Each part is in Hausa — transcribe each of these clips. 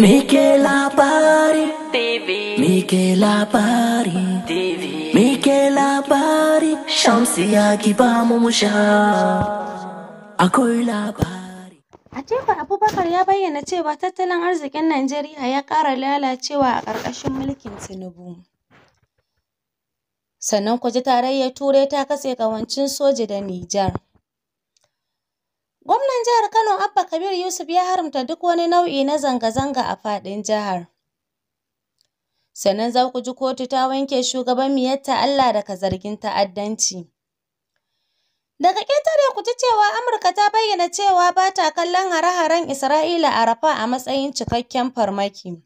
Mike labari TV Mike labari TV Mike labari Shamsi ya kiba mu musha Akwai labari Abubakar ya bayyana cewa tattalin arzikin Najeriya ya ƙara lalacewa a ƙarƙashin mulkin Tinubu. Sannan kwaji tarayyar Turai ta kase ƙawancin soji da Nijar. Gwamnan jihar Kano Abba Kabir Yusuf ya haramta duk wani nau'i na zanga-zanga a faɗin jihar. Sannan za ku ji kotu ta wanke shugaban miyatta Allah daga zargin ta'addanci. Daga ƙetare ku ji cewa Amurka ta bayyana cewa ba ta kallon hare-haren Isra'ila a Rafa a matsayin cikakken farmaki.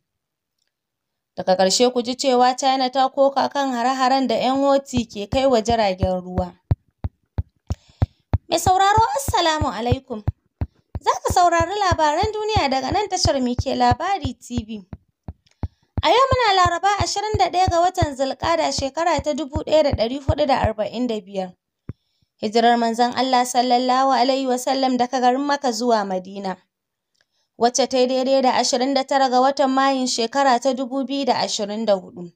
Daga ƙarshe ku ji cewa China ta koka kan hare-haren da 'yan hoti ke kai wa jiragen ruwa. Mai sauraro Assalamu alaikum. Za ka saurari labaran duniya daga nan tashar Mike Labari TV. A yau muna Laraba ashirin da ɗaya ga watan Zulƙada shekara ta dubu ɗaya da da da ɗari arba'in 1445. Hijirar manzon Allah sallallahu alaihi Wa sallam daga garin Makka zuwa Madina. Wacce ta daidai da ashirin da tara ga watan Mayun shekara ta dubu da da ashirin 2024.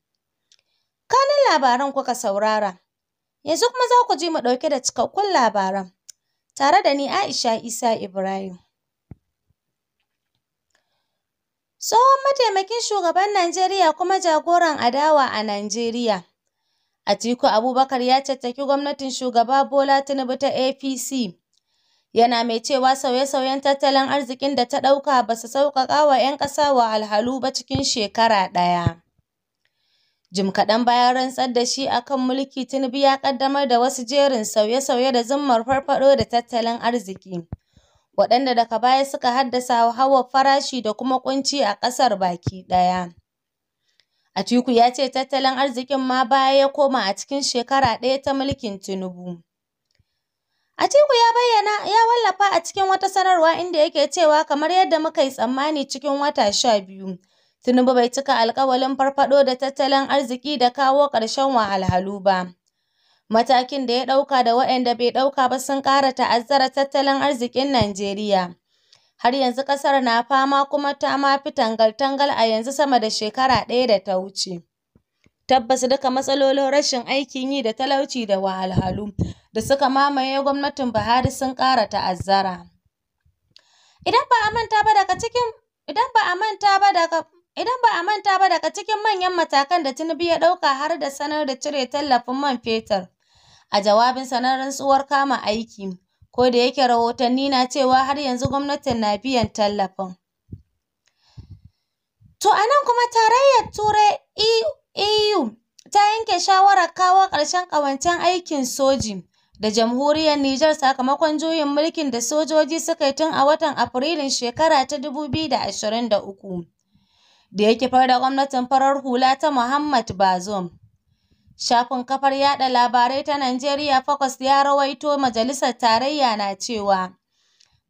Kanin labaran kuka saurara. Yanzu kuma za ku ji mu ɗauke da cikakkun labaran. tare da ni Aisha Isa Ibrahim. Tsohon mataimakin shugaban Najeriya kuma jagoran adawa a Najeriya. Atiku Abubakar ya tattaki gwamnatin shugaba Bola Tinubu ta APC. Yana mai cewa sauye-sauyen tattalin arzikin da ta ɗauka ba su sauƙaƙa wa ‘yan ƙasa wa alhalu ba cikin shekara ɗaya. Jim kaɗan bayan rantsar da shi a kan mulki, Tinubu ya ƙaddamar da wasu jerin sauye-sauye da zummar farfaɗo da tattalin arziki, waɗanda daga baya suka haddasa hawan farashi da kuma ƙunci a ƙasar baki ɗaya. Atiku ya ce tattalin arzikin ma baya ya koma a cikin shekara ɗaya ta mulkin Tinubu. Atiku ya bayyana ya wallafa a cikin wata sanarwa inda yake cewa kamar yadda muka yi tsammani cikin wata sha biyu, Tinubu bai cika alƙawalin farfaɗo da tattalin arziki da kawo ƙarshen wahalhalu ba. Matakin da ya ɗauka da waɗanda bai ɗauka ba sun ƙara ta'azzara tattalin arzikin Najeriya. Har yanzu ƙasar na fama kuma ta ma fi tangal-tangal a yanzu sama da shekara ɗaya da ta wuce. Tabbas duka matsalolin rashin aikin yi da talauci da wahalhalu da suka mamaye gwamnatin Buhari sun ƙara ta'azzara. Idan ba a manta ba daga cikin idan ba a manta ba daga Idan ba a manta ba daga cikin manyan matakan da Tinubu ya ɗauka har da sanar da cire tallafin man fetur. A jawabin sanarin tsuwar kama aiki, ko da yake rahotanni na cewa har yanzu gwamnatin na biyan tallafin. To a kuma tarayyar Turai EU ta yanke shawarar kawo ƙarshen ƙawancen aikin soji da jamhuriyar Nijar sakamakon juyin mulkin da sojoji suka yi tun a watan Afrilun shekara ta 2023. da ya kifar da gwamnatin farar hula ta Muhammad Bazoum. Shafin kafar yada labarai ta Najeriya Focus ya rawaito majalisar tarayya na cewa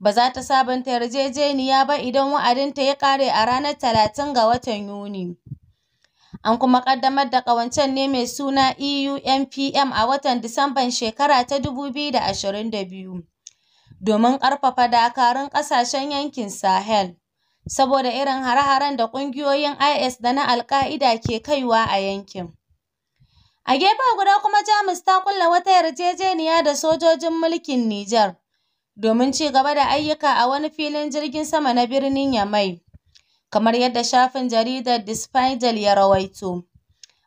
ba za ta sabunta yarjejeniya ba idan wa'adinta ya kare a ranar talatin ga watan Yuni. An kuma kaddamar da ƙawancen ne mai suna MPM e a watan Disamban shekara ta 2022 domin ƙarfafa dakarun ƙasashen yankin Sahel. saboda irin hare-haren da ƙungiyoyin IS da na Al-Qaeda ke kaiwa a yankin. A gefe guda kuma Jamus ta kulla wata yarjejeniya da sojojin mulkin Nijar domin ci gaba da ayyuka a wani filin jirgin sama na birnin Yamai, kamar yadda shafin jaridar The Spiegel ya rawaito.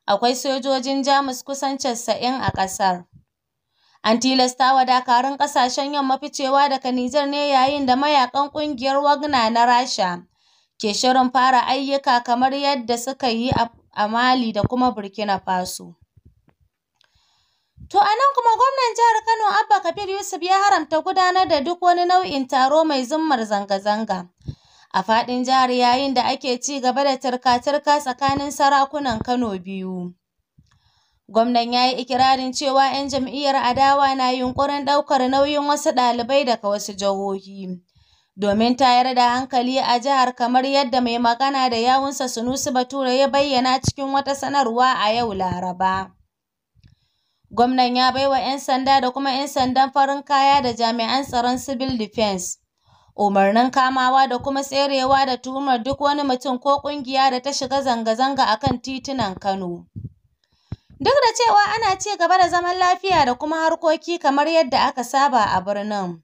Akwai sojojin Jamus kusan casa'in a ƙasar. An tilasta wa dakarun ƙasashen yamma ficewa daga Nijar ne yayin da mayakan ƙungiyar Wagner na Rasha ke shirin fara ayyuka kamar yadda suka yi a Mali da kuma Burkina Faso. To a nan kuma gwamnan jihar Kano Abba Kabir Yusuf ya haramta gudanar da duk wani nau'in taro mai zummar zanga-zanga. A faɗin jihar yayin da ake ci gaba da turka-turka tsakanin sarakunan Kano biyu. Gwamnan ya yi ikirarin cewa ‘yan jam'iyyar adawa na yunƙurin ɗaukar nauyin wasu ɗalibai daga wasu jihohi. domin tayar da hankali a jihar kamar yadda mai magana da yawunsa Sunusi Bature ya bayyana cikin wata sanarwa a yau Laraba. Gwamnan ya baiwa 'yan sanda da kuma 'yan sandan farin kaya da jami'an tsaron civil defense umarnin kamawa da kuma tserewa da tuhumar duk wani mutum ko ƙungiya da ta shiga zanga-zanga a kan titunan Kano. Duk da cewa ana ci gaba da zaman lafiya da kuma harkoki kamar yadda aka saba a birnin.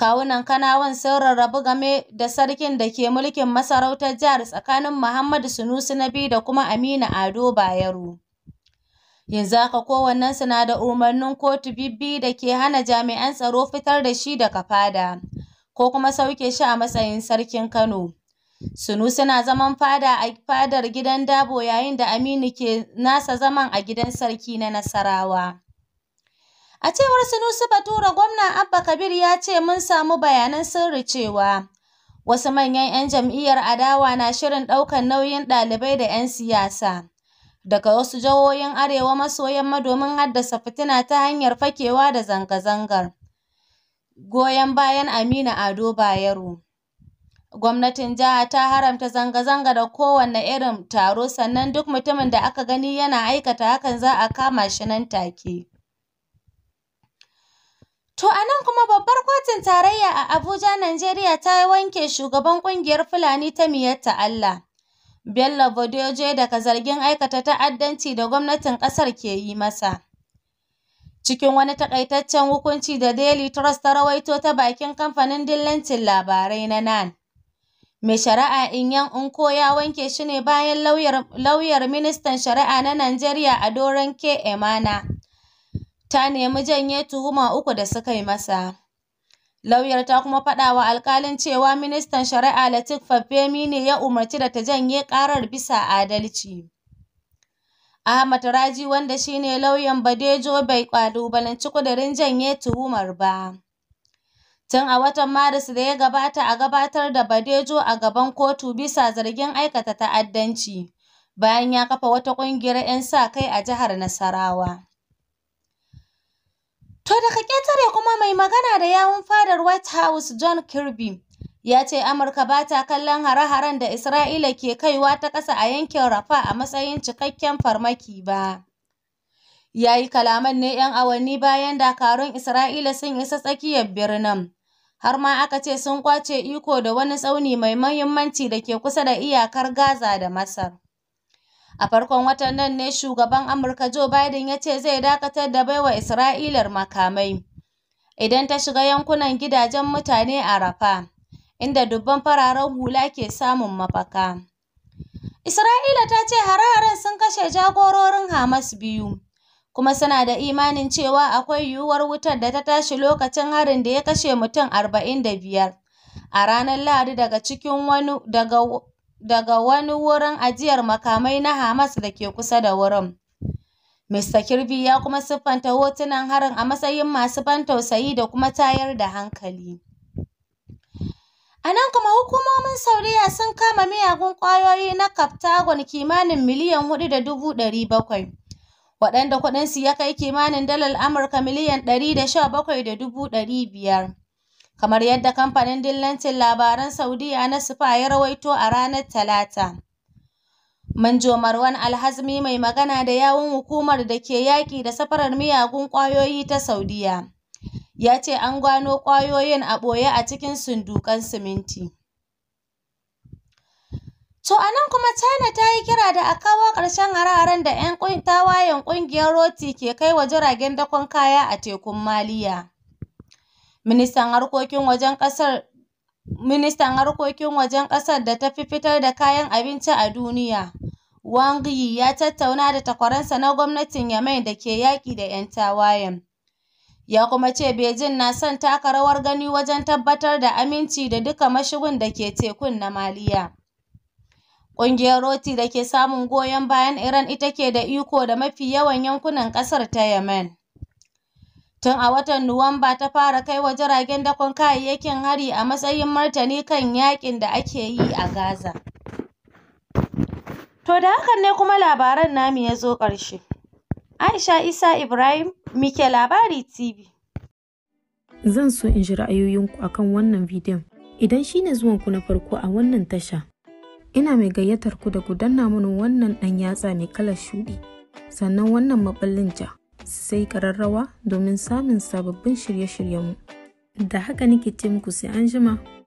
Kawunan Kanawan sun rarrabu game da sarkin da ke mulkin masarautar jihar tsakanin Muhammadu Sunusi na biyu da kuma Aminu Ado Bayero. Yanzu haka kowannensu na da umarnin kotu bibbi da ke hana jami'an tsaro fitar da shi daga fada, ko kuma sauke shi a matsayin sarkin Kano. Sunusi na zaman fada a fadar gidan Dabo yayin da Aminu ke nasa zaman a gidan sarki na Nasarawa. A cewar Sanusi Batura, gwamna Abba Kabir ya ce mun samu bayanan sirri cewa wasu manyan 'yan jam'iyyar adawa na shirin ɗaukar nauyin ɗalibai da 'yan siyasa daga wasu jihohin arewa maso yamma domin haddasa fitina ta hanyar fakewa da zanga-zangar goyon bayan Aminu Ado Bayero. Gwamnatin jiha ta haramta zanga-zanga da kowanne irin taro sannan duk mutumin da aka gani yana aikata hakan za a kama shi nan take. To a nan kuma babbar kotun tarayya a Abuja, Najeriya ta wanke shugaban ƙungiyar Fulani ta Miyatta Allah. Bello Bodoje daga zargin aikata ta'addanci da gwamnatin ƙasar ke yi masa. Cikin wani takaitaccen hukunci da Daily Trust ta rawaito ta bakin kamfanin dillancin labarai na NAN. Mai shari'a Inyan unko ya wanke shi ne bayan lauyar ministan shari'a na Najeriya a doron K. Emana. ta nemi janye tuhuma uku da suka yi masa. Lauyar ta kuma faɗa wa alƙalin cewa ministan shari'a Latif Fafemi ne ya umarci da ta janye ƙarar bisa adalci. Ahmad Raji wanda shine lauyan Badejo bai ƙalubalanci kudirin janye tuhumar ba. Tun a watan Maris da ya gabata a gabatar da Badejo a gaban kotu bisa zargin aikata ta'addanci, bayan ya kafa wata ƙungiyar 'yan sa kai a jihar Nasarawa. To daga ƙetare kuma mai magana da yawun fadar White House John Kirby ya ce Amurka ba ta kallon hare-haren da Isra'ila ke kaiwa ta ƙasa a yankin rafa a matsayin cikakken farmaki ba. Ya yi kalaman ne 'yan awanni bayan dakarun Isra'ila sun isa tsakiyar birnin, har ma aka ce sun kwace iko da wani tsauni mai muhimmanci da ke kusa da iyakar Gaza da Masar. A farkon watan nan ne shugaban Amurka Joe Biden ya ce zai dakatar da baiwa Isra'ilar makamai idan ta shiga yankunan gidajen mutane a Rafa, inda dubban fararen hula ke samun mafaka. Isra'ila ta ce hare-haren sun kashe jagororin Hamas biyu, kuma suna da imanin cewa akwai yiwuwar wutar da ta tashi lokacin harin da ya kashe mutum arba'in da biyar a ranar Lahadi daga cikin wani daga daga wani wurin ajiyar makamai na Hamas da ke kusa da wurin. Mr. Kirby ya kuma siffanta hotunan harin a matsayin masu ban tausayi da kuma tayar da hankali. A nan kuma hukumomin Saudiya sun kama miyagun ƙwayoyi na Captagon kimanin miliyan hudu da dubu ɗari bakwai. waɗanda kuɗinsu ya kai kimanin dalar Amurka miliyan ɗari da sha bakwai da dubu ɗari biyar. kamar yadda kamfanin dillancin labaran Saudiya na Sifa ya rawaito a ranar Talata. Manjo Marwan Alhazmi mai magana da yawun hukumar da ke yaƙi da safarar miyagun ƙwayoyi ta Saudiya, ya ce an gano ƙwayoyin a ɓoye a cikin sundukan siminti. To a nan kuma China ta yi kira da a kawo ƙarshen hare da 'yan tawayen ƙungiyar Roti ke kai wa jiragen dakon kaya a tekun Maliya. Ministan harkokin wajen ƙasar Ministan harkokin wajen ƙasar da ta fi fitar da kayan abinci a duniya, Wang Yi ya tattauna da takwaransa na gwamnatin Yemen da ke yaƙi da ‘yan tawayen. Ya kuma ce Beijing na son taka rawar gani wajen tabbatar da aminci da duka mashigun da ke tekun na Maliya. Ƙungiyar Roti da ke samun goyon bayan Iran ita ke da iko da mafi yawan yankunan ƙasar ta Yamen. Tun a watan Nuwamba ta fara kai wa jiragen dakon kayayyakin hari a matsayin martani kan yaƙin da ake yi a Gaza. To da hakan ne kuma labaran namu ya zo ƙarshe. Aisha Isa Ibrahim, Mike Labari TV. Zan so in ji ra'ayoyinku a kan wannan bidiyon. Idan shi ne zuwanku na farko a wannan tasha, ina mai gayyatar ku da ku danna mini wannan ɗan yatsa mai kalar shuɗi, sannan wannan maɓallin ja. sai kararrawa domin samun sababbin shirye-shiryenmu. Da haka nake ce muku sai an jima.